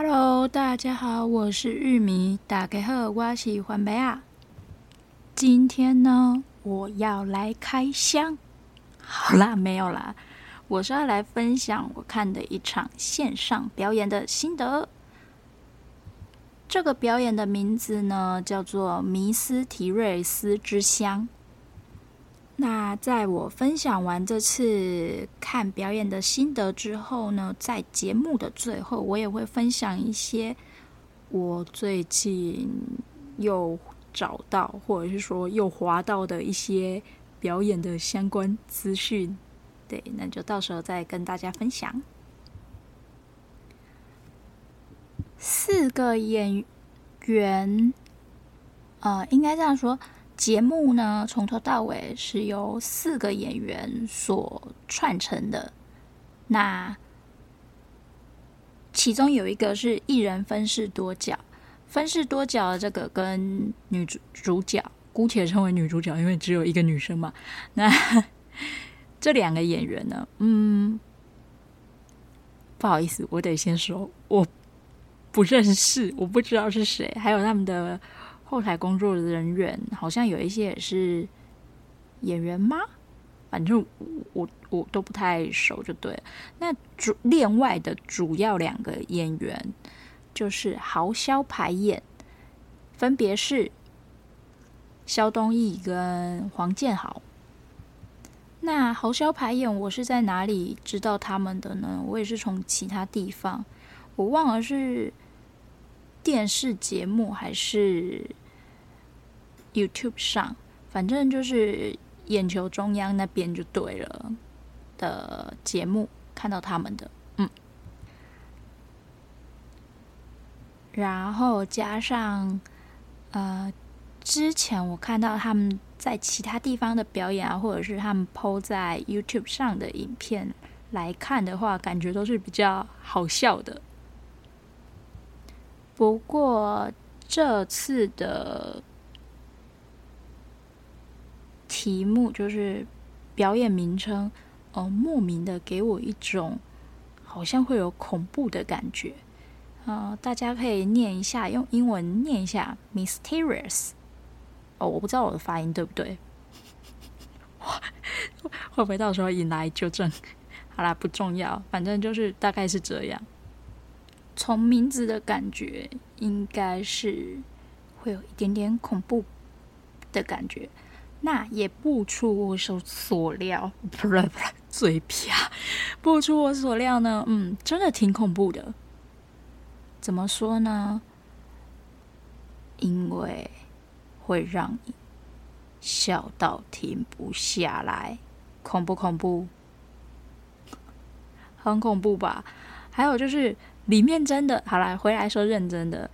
Hello，大家好，我是玉米。打開後，我喜歡美啊。今天呢，我要來開箱。好啦，沒有啦，我是要來分享我看的一場線上表演的心得。這個表演的名字呢，叫做《迷斯提瑞斯之鄉》。那在我分享完這次看表演的心得之後呢，在節目的最後，我也會分享一些我最近又找到或者是說又滑到的一些表演的相關資訊。對，那就到時候再跟大家分享。四個演員，呃，應該這樣說。節目呢，從頭到尾是由四個演員所串成的。那其中有一個是一人分飾多角，分飾多角這個跟女主主角，姑且稱為女主角，因為只有一個女生嘛。那這兩個演員呢，嗯，不好意思，我得先說我不認識，我不知道是誰，還有他們的。後台工作的人員好像有一些也是演員嗎？反正我我,我都不太熟，就對了。那主另外的主要兩個演員就是豪蕭排演，分別是肖東義跟黃健豪。那豪蕭排演我是在哪裡知道他們的呢？我也是從其他地方，我忘了是。電視節目還是 YouTube 上，反正就是眼球中央那邊就對了的節目，看到他們的，嗯。然後加上，呃，之前我看到他們在其他地方的表演啊，或者是他們 PO 在 YouTube 上的影片來看的話，感覺都是比較好笑的。不過這次的題目就是表演名稱，呃，莫名的給我一種好像會有恐怖的感覺。呃，大家可以念一下，用英文念一下 “Mysterious”。哦，我不知道我的發音對不對。哇，會不會到時候引來糾正？好啦，不重要，反正就是大概是這樣。從名字的感覺，應該是會有一點點恐怖的感覺。那也不出我所料，不 不、啊，嘴皮啊，不出我所料呢。嗯，真的挺恐怖的。怎麼說呢？因為會讓你笑到停不下來，恐不恐怖，很恐怖吧？還有就是。裡面真的，好啦，回來說認真的，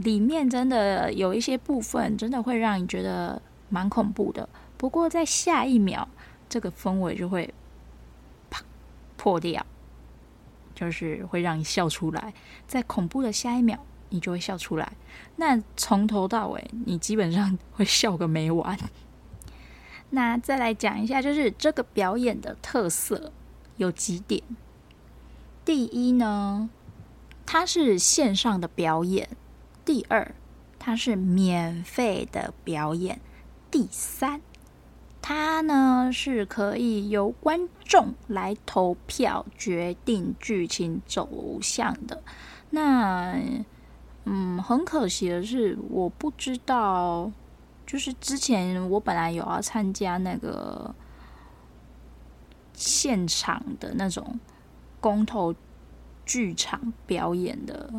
裡面真的有一些部分真的會讓你覺得蠻恐怖的。不過在下一秒，這個氛圍就會啪破掉，就是會讓你笑出來。在恐怖的下一秒，你就會笑出來。那從頭到尾，你基本上會笑個沒完。那再來講一下，就是這個表演的特色有幾點。第一呢。它是線上的表演，第二，它是免費的表演，第三，它呢是可以由觀眾來投票決定劇情走向的。那嗯，很可惜的是，我不知道，就是之前我本來有要參加那個現場的那種公投。劇場表演的，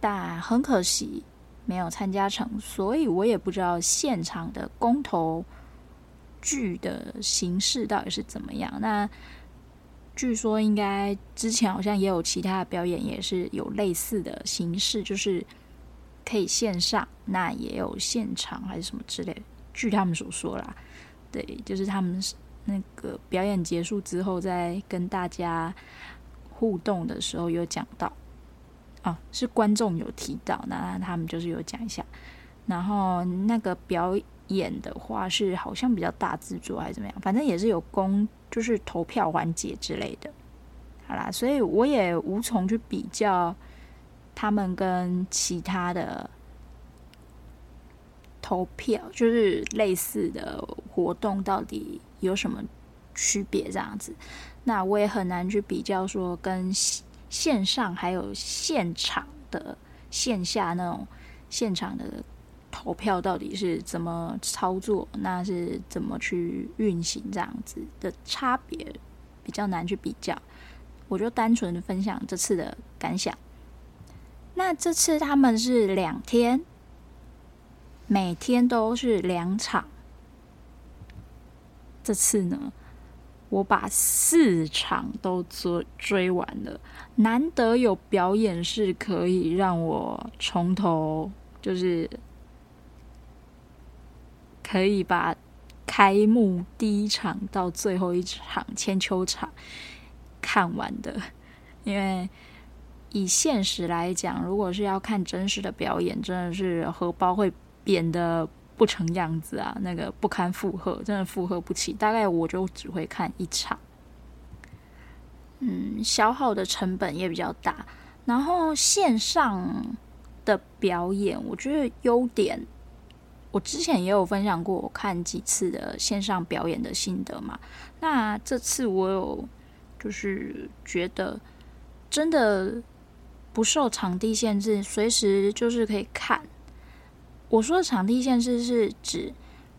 但很可惜沒有參加成，所以我也不知道現場的公投劇的形式到底是怎麼樣。那據說應該之前好像也有其他的表演，也是有類似的形式，就是可以線上，那也有現場還是什麼之類。據他們所說啦，對，就是他們那個表演結束之後再跟大家。互動的時候有講到，啊，是觀眾有提到，那他們就是有講一下。然後那個表演的話是好像比較大製作還是怎麼樣，反正也是有公，就是投票環節之類的。好啦，所以我也無從去比較他們跟其他的投票，就是類似的活動到底有什麼區別，這樣子。那我也很難去比較說，跟線上還有現場的線下那種現場的投票到底是怎麼操作，那是怎麼去運行這樣子的差別比較難去比較。我就單純分享這次的感想。那這次他們是兩天，每天都是兩場。這次呢，我把四場都追追完了。難得有表演是可以讓我從頭就是可以把開幕第一場到最後一場千秋場看完的。因為以現實來講，如果是要看真實的表演，真的是荷包會扁的。不成樣子啊，那個不堪負荷，真的負荷不起。大概我就只會看一場，嗯，消耗的成本也比較大。然後線上的表演，我覺得優點，我之前也有分享過，我看幾次的線上表演的心得嘛。那這次我有，就是覺得真的不受場地限制，隨時就是可以看。我說的場地限制是指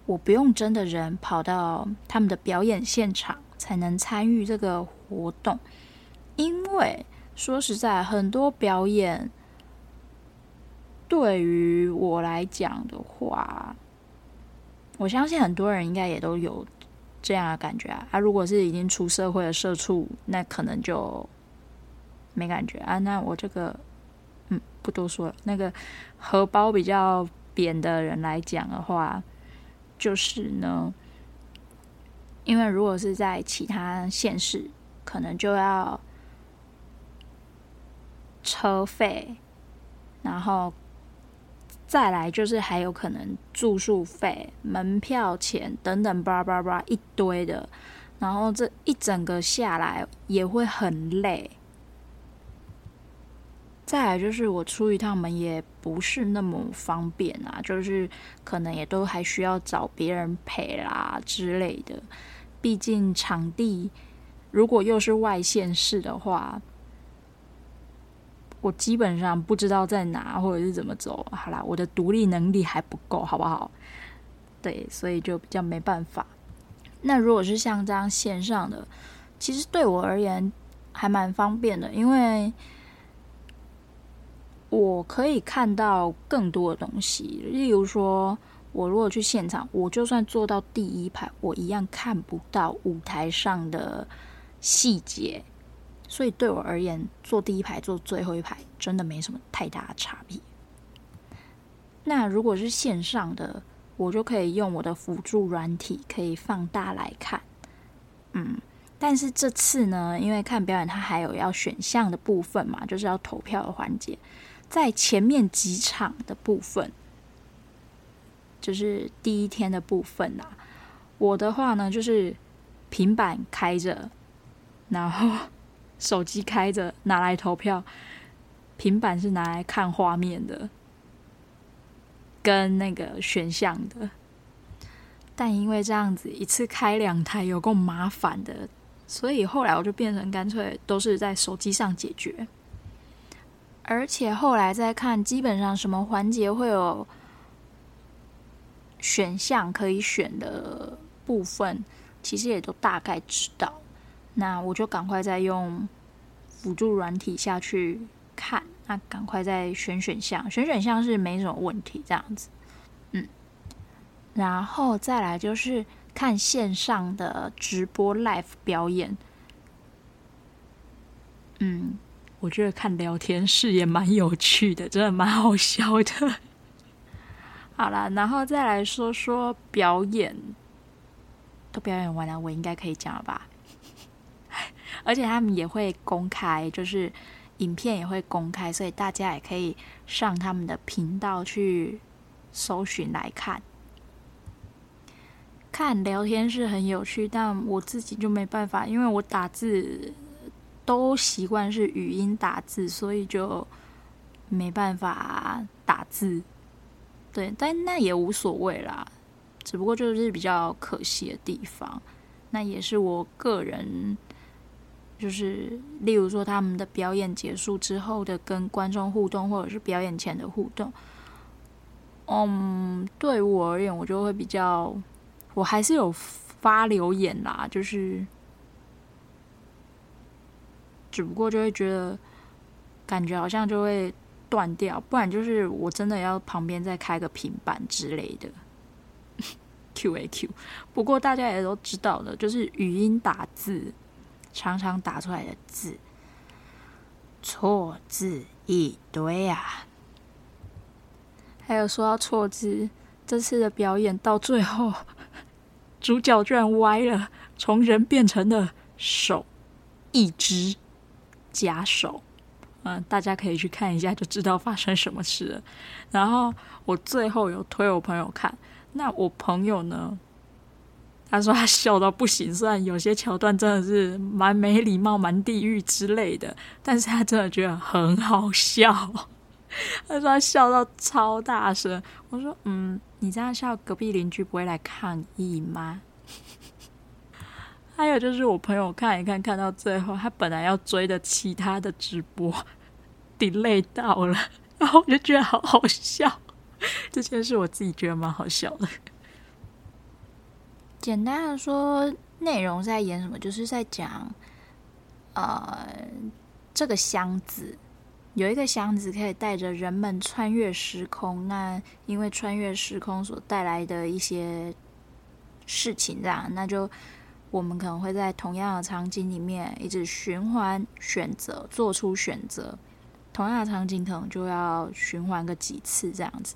我不用真的人跑到他們的表演現場才能參與這個活動，因為說實在，很多表演對於我來講的話，我相信很多人應該也都有這樣的感覺啊，啊。他如果是已經出社會的社畜，那可能就沒感覺啊。那我這個，嗯，不多說了，那個荷包比較。邊的人來講的話，就是呢，因為如果是在其他縣市，可能就要車費，然後再來就是還有可能住宿費、門票錢等等，叭叭叭一堆的，然後這一整個下來也會很累。再來就是我出一趟門也不是那麼方便啊，就是可能也都還需要找別人陪啦之類的。畢竟場地如果又是外線式的話，我基本上不知道在哪或者是怎麼走。好啦，我的獨立能力還不夠，好不好？對，所以就比較沒辦法。那如果是像這樣線上的，其實對我而言還蠻方便的，因為。我可以看到更多的東西，例如說，我如果去現場，我就算坐到第一排，我一樣看不到舞台上的細節。所以對我而言，坐第一排坐最後一排真的沒什麼太大的差別。那如果是線上的，我就可以用我的輔助軟體可以放大來看。嗯，但是這次呢，因為看表演它還有要選項的部分嘛，就是要投票的環節。在前面幾場的部分，就是第一天的部分啦、啊。我的話呢，就是平板開着，然後手機開着拿來投票。平板是拿來看畫面的，跟那個選項的。但因為這樣子一次開兩台有夠麻煩的，所以後來我就變成乾脆都是在手機上解決。而且後來再看，基本上什麼環節會有選項可以選的部分，其實也都大概知道。那我就趕快再用輔助軟體下去看，那趕快再選選項。選選項是沒什麼問題，這樣子。嗯，然後再來就是看線上的直播 live 表演。嗯。我覺得看聊天室也蠻有趣的，真的蠻好笑的。 好了，然後再來說說表演，都表演完了，我應該可以講了吧？ 而且他們也會公開，就是影片也會公開，所以大家也可以上他們的頻道去搜尋來看。看聊天室很有趣，但我自己就沒辦法，因為我打字。都習慣是語音打字，所以就沒辦法打字。對，但那也無所謂啦，只不過就是比較可惜的地方。那也是我個人，就是例如說他們的表演結束之後的跟觀眾互動，或者是表演前的互動。嗯，um，對我而言，我就會比較，我還是有發留言啦，就是。只不過就會覺得，感覺好像就會斷掉，不然就是我真的要旁邊再開個平板之類的。 Q A Q。不過大家也都知道的，就是語音打字常常打出來的字錯字一堆啊。還有說到錯字，這次的表演到最後，主角居然歪了，從人變成了手一，一隻。假手，嗯，大家可以去看一下，就知道發生什麼事了，然後我最後有推我朋友看，那我朋友呢，他說他笑到不行，雖然有些橋段真的是蠻沒禮貌、蠻地獄之類的，但是他真的覺得很好笑。他說他笑到超大聲。我說，嗯，你這樣笑，隔壁鄰居不會來抗議嗎？還有就是，我朋友看一看，看到最後，他本來要追的其他的直播，delay 到了，然後我就覺得好好笑。這件事我自己覺得蠻好笑的。簡單的說，內容是在演什麼，就是在講，呃，這個箱子有一個箱子可以帶着人們穿越時空。那因為穿越時空所帶來的一些事情，這樣，那就。我們可能會在同樣的場景裡面一直循環選擇，做出選擇。同樣的場景可能就要循環個幾次這樣子。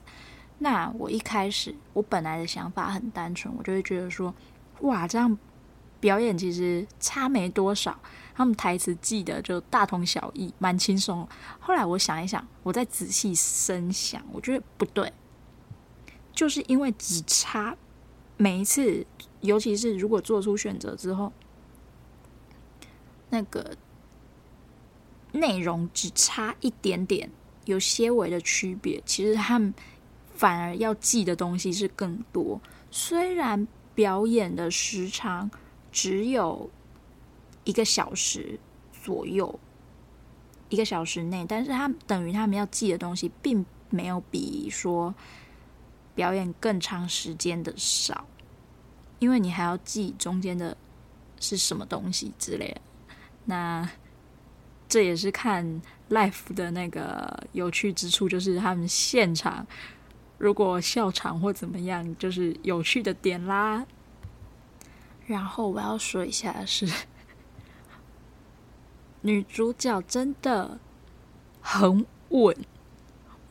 那我一開始我本來的想法很單純，我就會覺得說，哇，這樣表演其實差沒多少，他們台詞記得就大同小異，蠻輕鬆。後來我想一想，我再仔細深想，我覺得不對，就是因為只差。每一次，尤其是如果做出選擇之後，那個內容只差一點點，有些微的區別，其實他們反而要記的東西是更多。雖然表演的時長只有一個小時左右，一個小時內，但是他等於他們要記的東西並沒有比說，表演更長時間的少，因為你還要記中間的是什麼東西之類的。那這也是看 live 的那個有趣之處，就是他們現場如果笑場或怎麼樣，就是有趣的點啦。然後我要說一下的是，女主角真的很穩。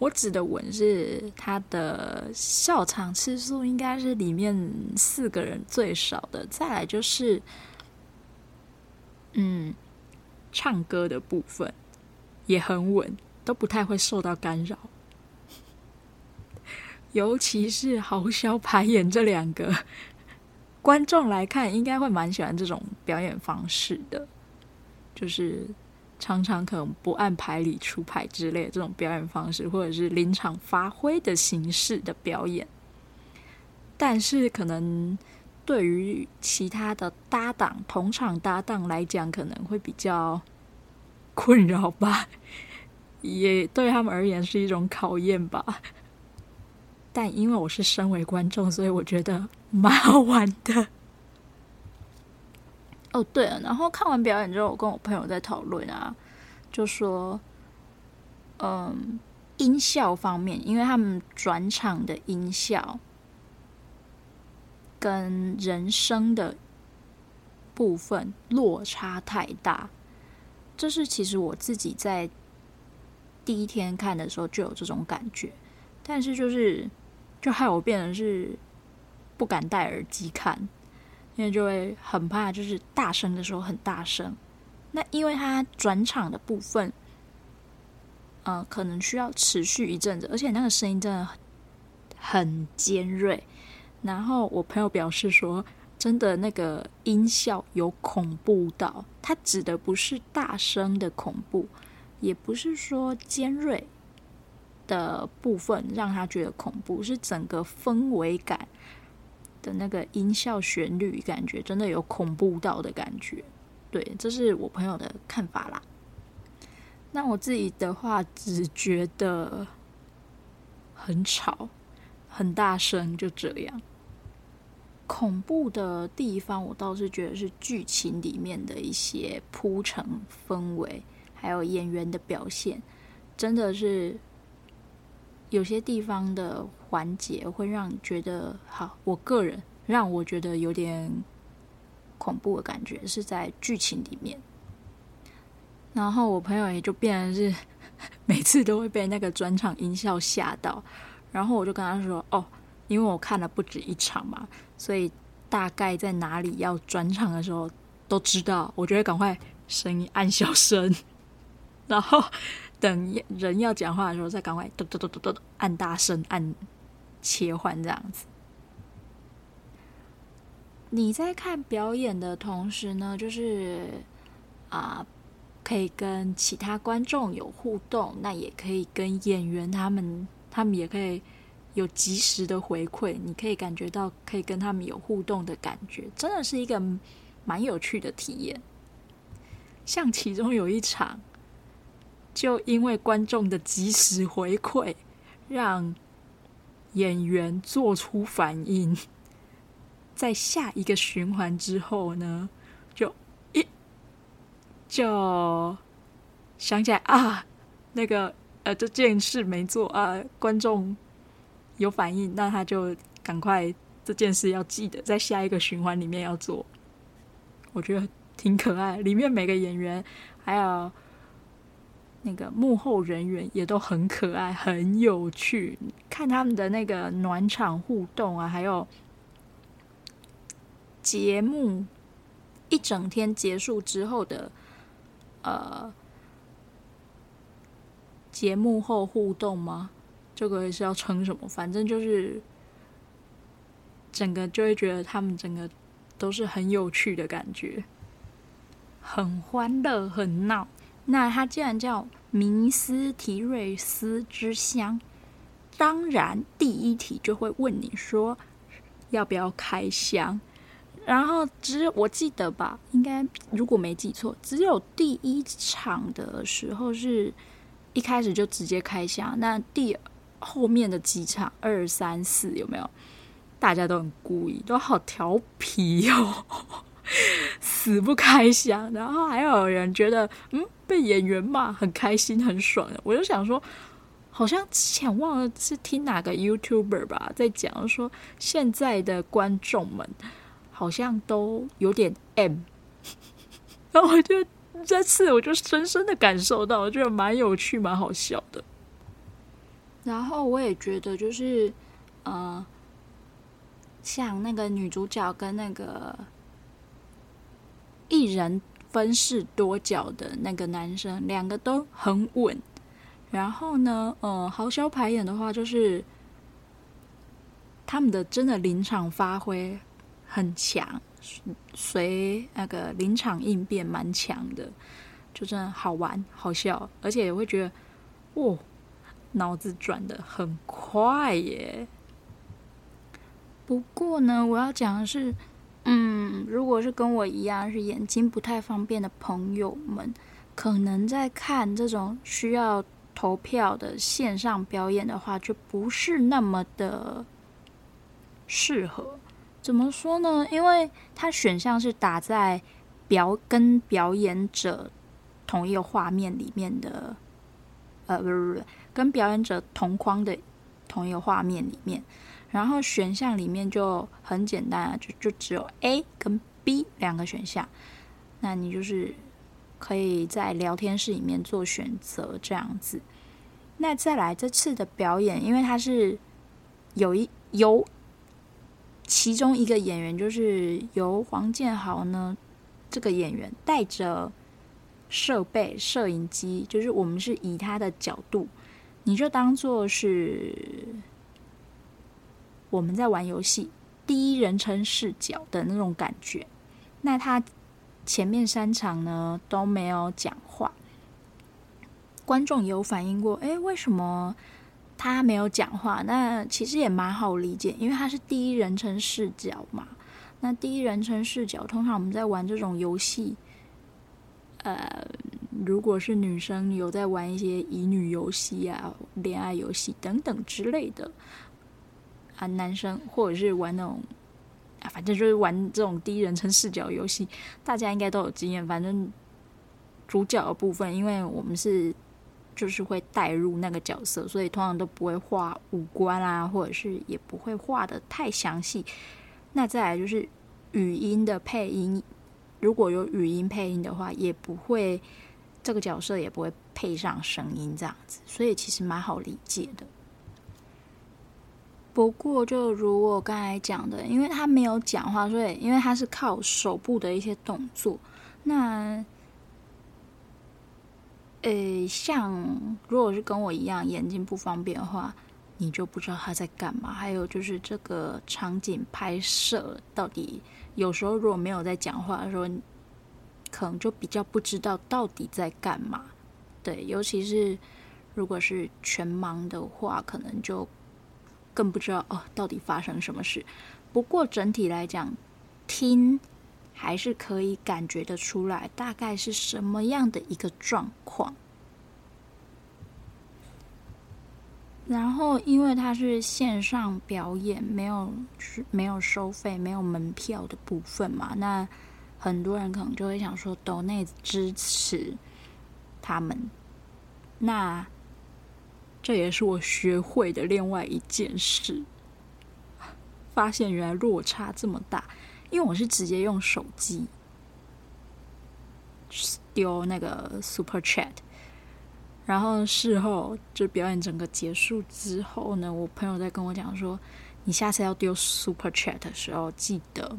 我指的穩是他的笑場次數應該是裡面四個人最少的。再來就是，嗯，唱歌的部分也很穩，都不太會受到干擾。尤其是豪笑、排演這兩個，觀眾來看應該會蠻喜歡這種表演方式的，就是。常常可能不按牌理出牌之類的這種表演方式，或者是臨場發揮的形式的表演，但是可能對於其他的搭檔、同場搭檔來講，可能會比較困擾吧，也對他們而言是一種考驗吧。但因為我是身為觀眾，所以我覺得蠻好玩的。哦，oh, 對了，然後看完表演之後，我跟我朋友在討論啊，就說，嗯，音效方面，因為他們轉場的音效跟人聲的部分落差太大，這、就是其實我自己在第一天看的時候就有這種感覺，但是就是就害我變成是不敢戴耳機看。因為就會很怕，就是大聲的時候很大聲。那因為他轉場的部分，嗯，可能需要持續一陣子，而且那個聲音真的很尖銳。然後我朋友表示說，真的那個音效有恐怖到，他指的不是大聲的恐怖，也不是說尖銳的部分讓他覺得恐怖，是整個氛圍感。的那個音效旋律，感覺真的有恐怖到的感覺。對，這是我朋友的看法啦。那我自己的話，只覺得很吵，很大聲，就這樣。恐怖的地方，我倒是覺得是劇情裡面的一些鋪陳氛圍，還有演員的表現，真的是。有些地方的環節會讓你覺得好，我個人讓我覺得有點恐怖的感覺是在劇情裡面。然後我朋友也就變成是每次都會被那個轉場音效嚇到，然後我就跟他說：“哦，因為我看了不止一場嘛，所以大概在哪裡要轉場的時候都知道，我覺得趕快聲音按小聲，然後。”等人要講話的時候，再趕快嘟嘟嘟嘟嘟按大聲按切換這樣子。你在看表演的同時呢，就是啊，可以跟其他觀眾有互動，那也可以跟演員他們，他們也可以有即時的回饋，你可以感覺到可以跟他們有互動的感覺，真的是一個蠻有趣的體驗。像其中有一場。就因為觀眾的及時回饋，讓演員做出反應，在下一個循環之後呢，就一就想起來啊，那個呃這件事沒做啊，觀眾有反應，那他就趕快這件事要記得，在下一個循環裡面要做。我覺得挺可愛，裡面每個演員還有。那個幕後人員也都很可愛、很有趣，看他們的那個暖場互動啊，還有節目一整天結束之後的呃節目後互動嗎？這個也是要稱什麼？反正就是整個就會覺得他們整個都是很有趣的感覺，很歡樂、很鬧。那他既然叫。明斯提瑞斯之鄉，當然第一題就會問你說要不要開箱，然後只我記得吧，應該如果沒記錯，只有第一場的時候是一開始就直接開箱，那第後面的幾場二三四有沒有？大家都很故意，都好調皮哦。 死不開箱，然後還有人覺得，嗯，被演員罵很開心很爽的。我就想說，好像之前忘了是聽哪個 YouTuber 吧，在講說現在的觀眾們好像都有點 M。 然後我就這次我就深深的感受到，我覺得蠻有趣蠻好笑的。然後我也覺得就是，嗯、呃，像那個女主角跟那個。一人分飾多角的那個男生，兩個都很穩。然後呢，呃，好笑排演的話，就是他們的真的臨場發揮很強，隨那個臨場應變蠻強的，就真的好玩好笑，而且也會覺得，哦，腦子轉得很快耶。不過呢，我要講的是。嗯，如果是跟我一樣是眼睛不太方便的朋友們，可能在看這種需要投票的線上表演的話，就不是那麼的適合。怎麼說呢？因為它選項是打在表跟表演者同一個畫面裡面的，呃，不是不是，跟表演者同框的同一個畫面裡面。然後選項裡面就很簡單啊，就就只有 A 跟 B 兩個選項。那你就是可以在聊天室裡面做選擇這樣子。那再來這次的表演，因為它是有一由其中一個演員，就是由黃建豪呢這個演員帶着設備、攝影機，就是我們是以他的角度，你就當做是。我們在玩遊戲，第一人稱視角的那種感覺。那他前面三場呢都沒有講話，觀眾有反應過，哎，為什麼他沒有講話？那其實也蠻好理解，因為他是第一人稱視角嘛。那第一人稱視角，通常我們在玩這種遊戲，呃，如果是女生有在玩一些乙女遊戲啊、戀愛遊戲等等之類的。啊，男生或者是玩那種啊，反正就是玩這種第一人稱視角遊戲，大家應該都有經驗。反正主角的部分，因為我們是就是會帶入那個角色，所以通常都不會畫五官啊，或者是也不會畫得太詳細。那再來就是語音的配音，如果有語音配音的話，也不會，這個角色也不會配上聲音這樣子，所以其實蠻好理解的。不過，就如我剛才講的，因為他沒有講話，所以因為他是靠手部的一些動作，那，呃，像如果是跟我一樣眼睛不方便的話，你就不知道他在幹嘛。還有就是這個場景拍攝，到底有時候如果沒有在講話的時候，可能就比較不知道到底在幹嘛。對，尤其是如果是全盲的話，可能就。更不知道哦，到底發生什麼事。不過整體來講，聽還是可以感覺得出來，大概是什麼樣的一個狀況。然後，因為它是線上表演，沒有、就是、沒有收費、沒有門票的部分嘛，那很多人可能就會想說，鬥內支持他們，那。這也是我學會的另外一件事，發現原來落差這麼大，因為我是直接用手機丟那個 Super Chat，然後事後就表演整個結束之後呢，我朋友在跟我講說：“你下次要丟 Super Chat 的時候，記得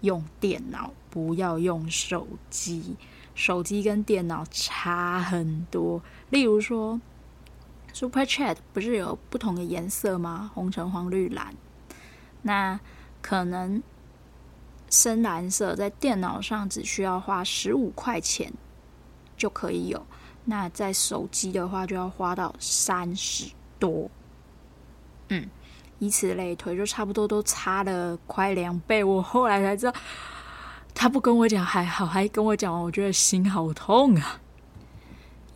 用電腦，不要用手機。手機跟電腦差很多，例如說。” Super Chat 不是有不同的顏色嗎？紅、橙、黃、綠、藍。那可能深藍色在電腦上只需要花十五塊錢就可以有，那在手機的話就要花到三十多。嗯，以此類推，腿就差不多都差了快兩倍。我後來才知道，他不跟我講還好，還跟我講，我覺得心好痛啊。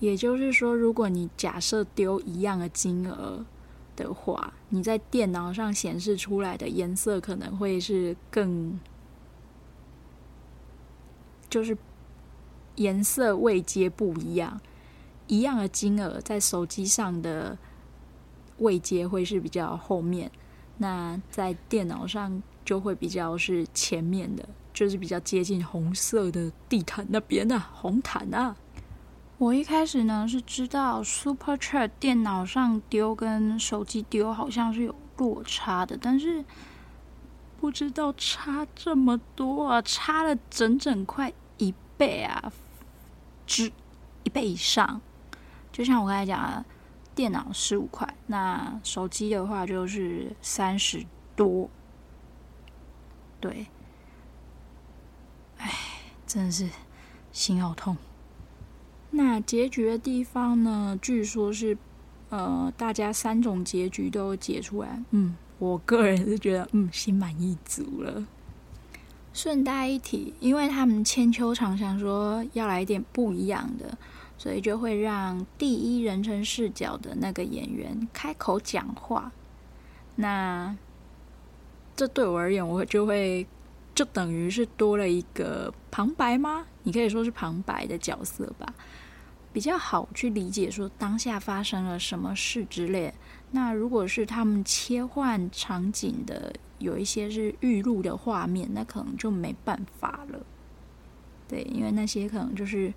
也就是說，如果你假設丟一樣的金額的話，你在電腦上顯示出來的顏色可能會是更，就是顏色位階不一樣。一樣的金額在手機上的位階會是比較後面，那在電腦上就會比較是前面的，就是比較接近紅色的地毯那邊的、啊、紅毯啊。我一開始呢是知道 Super Chat 電腦上丟跟手機丟好像是有落差的，但是不知道差這麼多啊，差了整整快一倍啊，只一倍以上。就像我剛才講的，電腦十五塊，那手機的話就是三十多。對，哎，真的是心好痛。那結局的地方呢？據說，是，呃，大家三種結局都解出來。嗯，我個人是覺得，嗯，心滿意足了。順帶一提，因為他們千秋常常說要來一點不一樣的，所以就會讓第一人稱視角的那個演員開口講話。那這對我而言，我就會就等於是多了一個旁白嗎？你可以說是旁白的角色吧。比較好去理解說當下發生了什麼事之類。那如果是他們切換場景的，有一些是預錄的畫面，那可能就沒辦法了。對，因為那些可能就是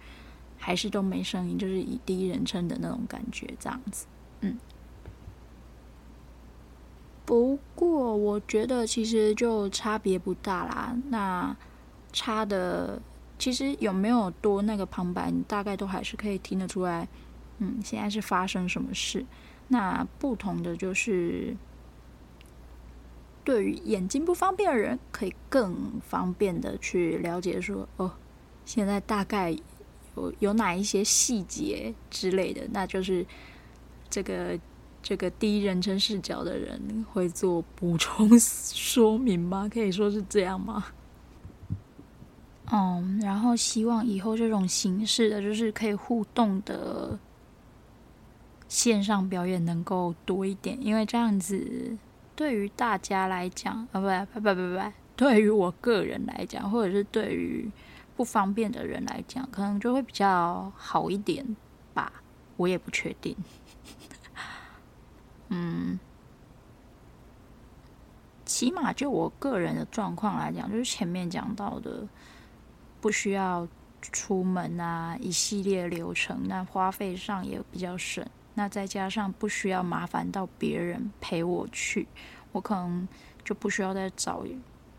還是都沒聲音，就是以第一人稱的那種感覺這樣子。嗯，不過我覺得其實就差別不大啦。那差的。其實有沒有多那個旁白，你大概都還是可以聽得出來。嗯，現在是發生什麼事？那不同的就是，對於眼睛不方便的人，可以更方便的去了解說，哦，現在大概有有哪一些細節之類的，那就是這個這個第一人稱視角的人會做補充說明嗎？可以說是這樣嗎？嗯，然後希望以後這種形式的，就是可以互動的線上表演能夠多一點，因為這樣子對於大家來講啊，啊，不，不，不，不，不，對於我個人來講，或者是對於不方便的人來講，可能就會比較好一點吧。我也不確定。 嗯，起碼就我個人的狀況來講，就是前面講到的。不需要出門啊，一系列流程，那花費上也比較省。那再加上不需要麻煩到別人陪我去，我可能就不需要再找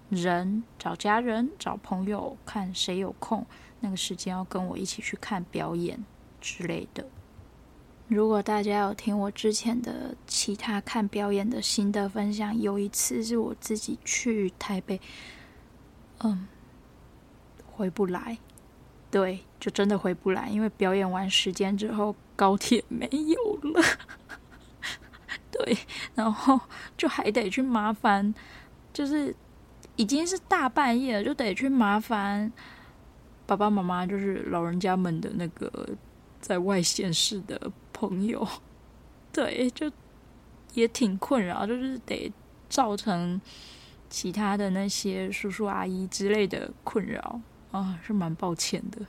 人、找家人、找朋友，看誰有空那個時間要跟我一起去看表演之類的。如果大家有聽我之前的其他看表演的心得分享，有一次是我自己去台北，嗯。回不來，對，就真的回不來，因為表演完時間之後高鐵沒有了， 對，然後就還得去麻煩，就是已經是大半夜了，就得去麻煩爸爸媽媽，就是老人家們的那個在外縣市的朋友，對，就也挺困擾，就是得造成其他的那些叔叔阿姨之類的困擾。啊、哦，是蠻抱歉的。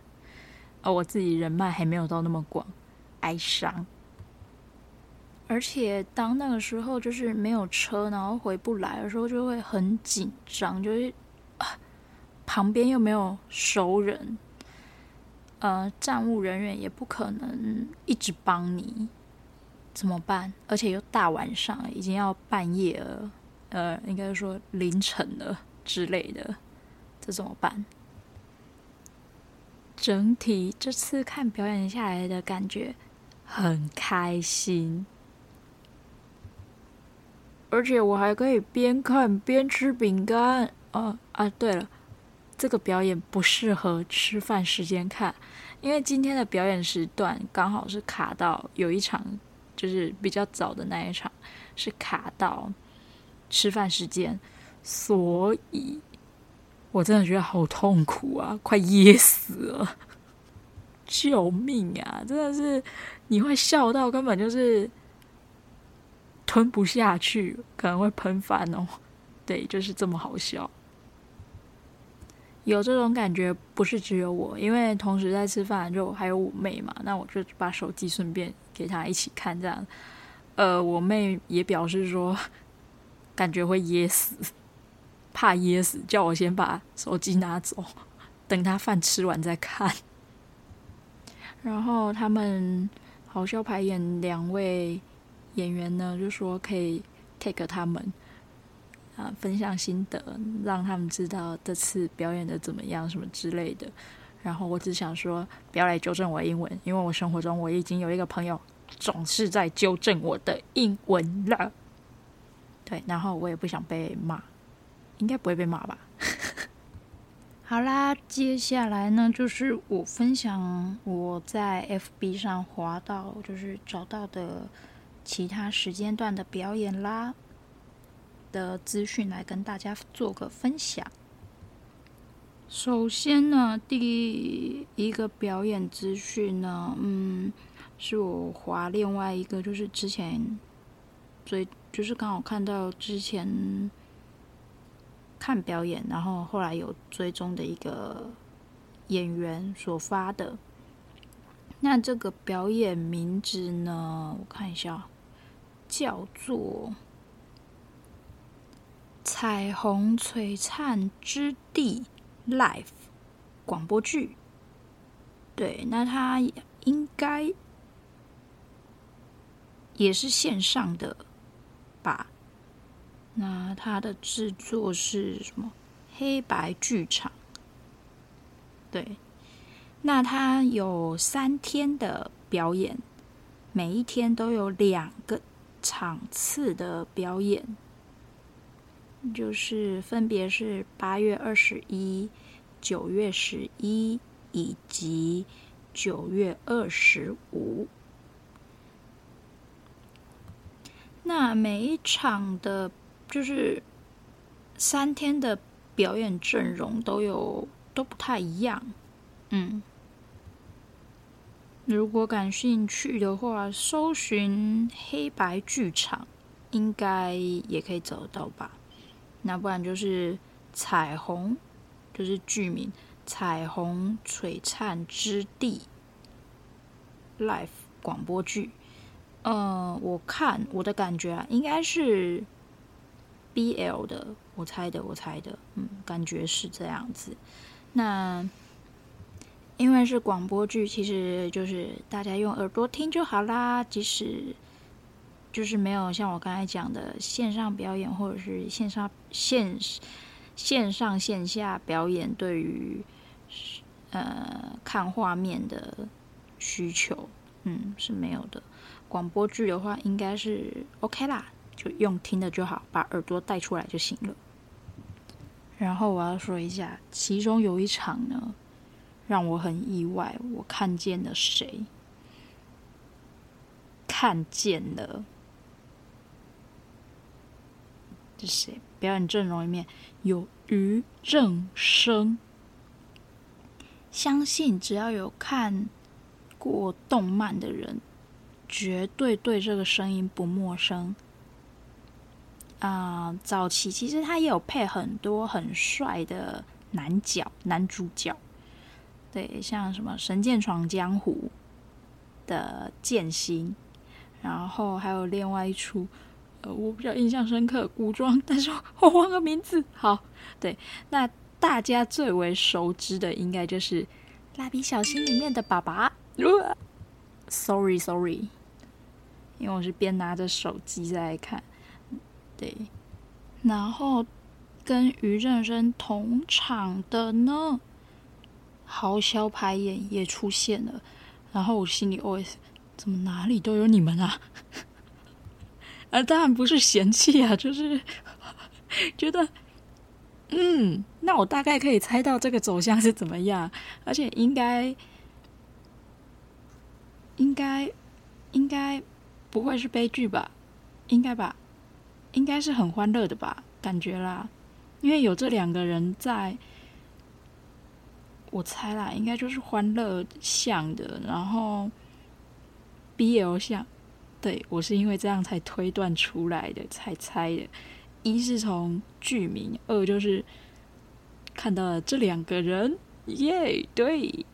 呃、哦，我自己人脈還沒有到那麼廣，哀傷。而且當那個時候就是沒有車，然後回不來的時候，就會很緊張，就是啊，旁邊又沒有熟人，呃，站務人員也不可能一直幫你，怎麼辦？而且又大晚上了，已經要半夜了，呃，應該說凌晨了之類的，這怎麼辦？整體這次看表演下來的感覺很開心，而且我還可以邊看邊吃餅乾，哦。啊啊，對了，這個表演不適合吃飯時間看，因為今天的表演時段剛好是卡到有一場，就是比較早的那一場是卡到吃飯時間，所以。我真的覺得好痛苦啊，快噎死了！救命啊！真的是你會笑到根本就是吞不下去，可能會噴飯哦。對，就是這麼好笑。有這種感覺不是只有我，因為同時在吃飯就還有我妹嘛，那我就把手機順便給她一起看，這樣。呃，我妹也表示說，感覺會噎死。怕噎死，叫我先把手機拿走，等他飯吃完再看。然後他們好笑排演兩位演員呢，就說可以 take 他們啊、呃，分享心得，讓他們知道這次表演得怎麼樣，什麼之類的。然後我只想說，不要來糾正我的英文，因為我生活中我已經有一個朋友總是在糾正我的英文了。對，然後我也不想被罵。應該不會被罵吧？ 好啦，接下來呢，就是我分享我在 FB 上滑到，就是找到的其他時間段的表演啦的資訊，來跟大家做個分享。首先呢，第一個表演資訊呢，嗯，是我滑另外一個，就是之前，所以就是剛好看到之前。看表演，然後後來有追蹤的一個演員所發的，那這個表演名字呢？我看一下啊，叫做《彩虹璀璨之地》Live 廣播劇。對，那它應該也是線上的吧？那他的製作是什麼？黑白劇場。對，那他有三天的表演，每一天都有兩個場次的表演，就是分別是八月二十一、九月十一以及九月二十五。那每一場的。就是三天的表演陣容都有都不太一樣，嗯，如果感興趣的話，搜尋“黑白劇場”應該也可以找得到吧。那不然就是“彩虹”，就是劇名“彩虹璀璨之地 ”live 廣播劇。嗯、呃，我看我的感覺啊，應該是。BL 的，我猜的，我猜的，嗯，感覺是這樣子。那因為是廣播劇，其實就是大家用耳朵聽就好啦。即使就是沒有像我剛才講的線上表演，或者是線上線線上線下表演對，對於呃看畫面的需求，嗯，是沒有的。廣播劇的話，應該是 OK 啦。就用聽的就好，把耳朵帶出來就行了。然後我要說一下，其中有一場呢，讓我很意外。我看見了誰？看見了？這誰？表演陣容裡面有於正昇。相信只要有看過動漫的人，絕對對這個聲音不陌生。啊、嗯，早期其實他也有配很多很帥的男角、男主角，對，像什麼《神劍闖江湖》的劍心，然後還有另外一出，呃，我比較印象深刻，古裝，但是我，我忘了名字。好，對，那大家最為熟知的，應該就是《蠟筆小新》裡面的爸爸。Sorry，Sorry，sorry 因為我是邊拿着手機在看。對，然後跟於正生同場的呢，嚎哮排演也出現了。然後我心裡 OS 怎麼哪裡都有你們啊？啊，當然不是嫌棄啊，就是覺得，嗯，那我大概可以猜到這個走向是怎麼樣，而且應該應該應該不會是悲劇吧？應該吧。應該是很歡樂的吧，感覺啦，因為有這兩個人在，我猜啦，應該就是歡樂向的，然後 B L 向，對，我是因為這樣才推斷出來的，才猜的，一是從劇名，二就是看到了這兩個人，耶、yeah，對，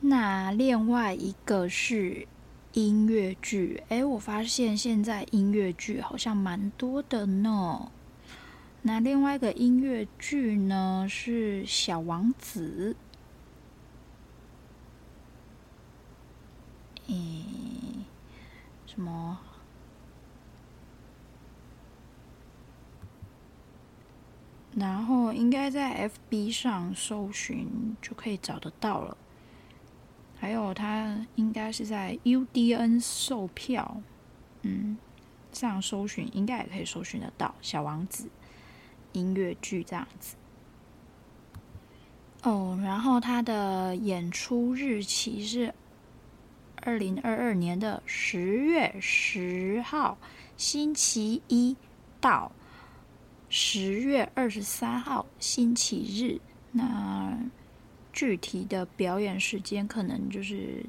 那另外一個是。音樂劇，哎，我發現現在音樂劇好像蠻多的呢。那另外一個音樂劇呢是《小王子》。嗯，什麼？然後應該在 FB 上搜尋就可以找得到了。還有，他應該是在 UDN 售票，嗯，這樣搜尋應該也可以搜尋得到《小王子》音樂劇這樣子。哦，然後他的演出日期是二零二二年的十月十號星期一到十月二十三號星期日。那具體的表演時間可能就是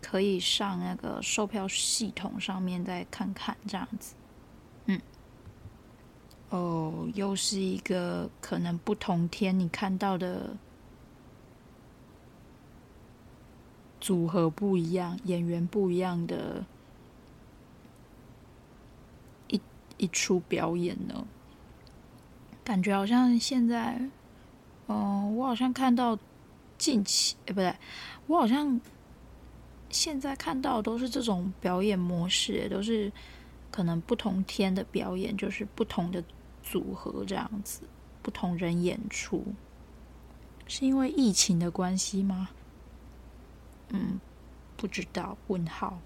可以上那個售票系統上面再看看，這樣子。嗯，哦，又是一個可能不同天你看到的組合不一樣、演員不一樣的一一出表演呢，感覺好像現在。哦、嗯，我好像看到近期，哎，不對，我好像現在看到都是這種表演模式，都是可能不同天的表演，就是不同的組合這樣子，不同人演出，是因為疫情的關係嗎？嗯，不知道，問號。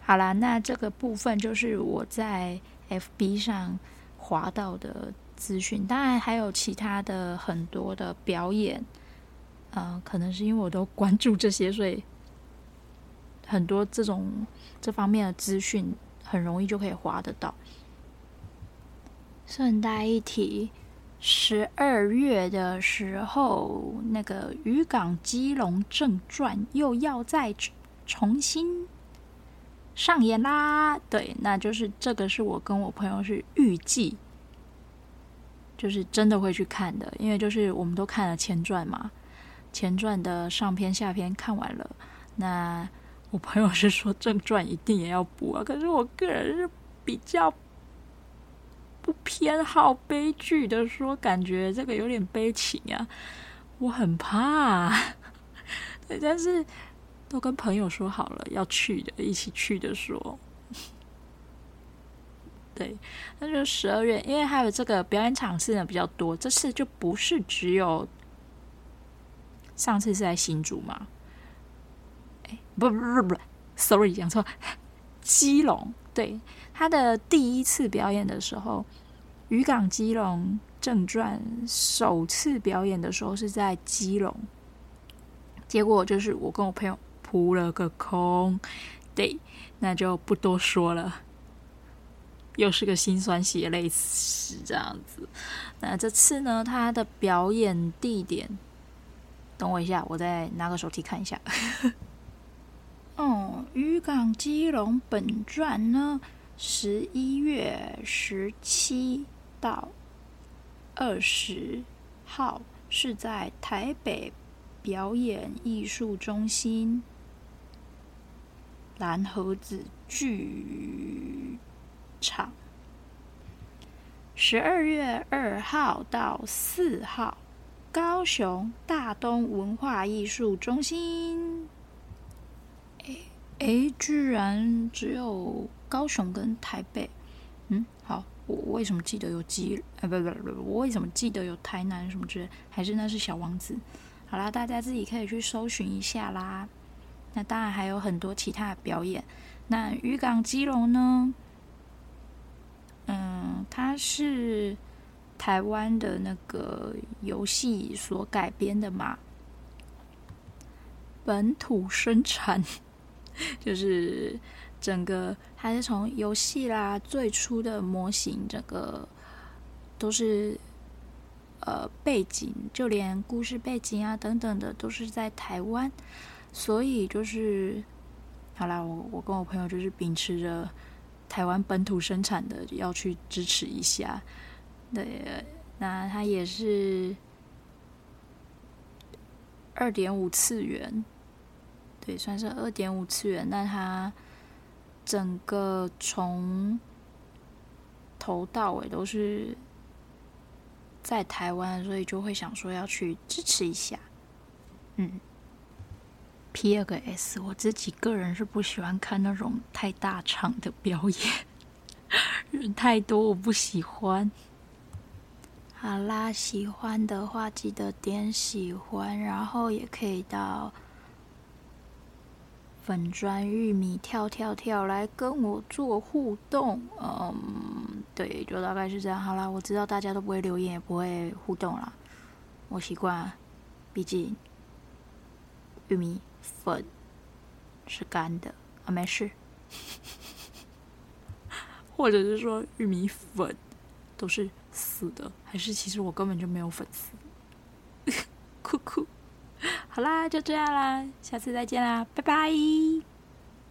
好啦，那這個部分就是我在 FB 上滑到的。資訊當然還有其他的很多的表演，嗯、呃，可能是因為我都關注這些，所以很多這種這方面的資訊很容易就可以划得到。順帶一提，十二月的時候，那個《漁港基隆正傳》又要再重新上演啦。對，那就是這個是我跟我朋友是預計。就是真的會去看的，因為就是我們都看了前傳嘛，前傳的上篇、下篇看完了。那我朋友是說正傳一定也要補啊，可是我個人是比較不偏好悲劇的說，說感覺這個有點悲情啊，我很怕啊。 對，但是都跟朋友說好了要去的，一起去的說。對，那就十二月，因為還有這個表演場次呢比較多。這次就不是只有上次是在新竹嘛？欸，不不不不，sorry，講錯，基隆。對，他的第一次表演的時候，《漁港基隆正傳》首次表演的時候是在基隆，結果就是我跟我朋友撲了個空。對，那就不多說了。又是個辛酸血淚史這樣子，那這次呢，他的表演地點，等我一下，我再拿個手機看一下。哦、 嗯，《漁港基隆本傳》呢，十一月十七到二十號是在台北表演藝術中心藍盒子劇場十二月二號到四號，高雄大東文化藝術中心。哎居然只有高雄跟台北。嗯，好，我，我為什麼記得有基呃，不不不，我為什麼記得有台南什麼之類？還是那是小王子？好啦，大家自己可以去搜尋一下啦。那當然還有很多其他的表演。那漁港基隆呢？嗯，它是台灣的那個遊戲所改編的嘛，本土生產， 就是整個它是從遊戲啦最初的模型，整個都是呃背景，就連故事背景啊等等的都是在台灣，所以就是好啦，我我跟我朋友就是秉持着。台灣本土生產的要去支持一下，對，那它也是二點五次元，對，算是二點五次元。但它整個從頭到尾都是在台灣，所以就會想說要去支持一下，嗯。P 二個 S，我自己個人是不喜歡看那種太大場的表演，人太多我不喜歡。好啦，喜歡的話記得點喜歡，然後也可以到粉專玉米跳跳跳來跟我做互動。嗯，對，就大概是這樣。好啦，我知道大家都不會留言，也不會互動啦，我習慣啊，畢竟玉米粉是乾的啊，哦，沒事。或者是說玉米粉都是死的，還是其實我根本就沒有粉絲？酷酷，好啦，就這樣啦，下次再見啦，拜拜。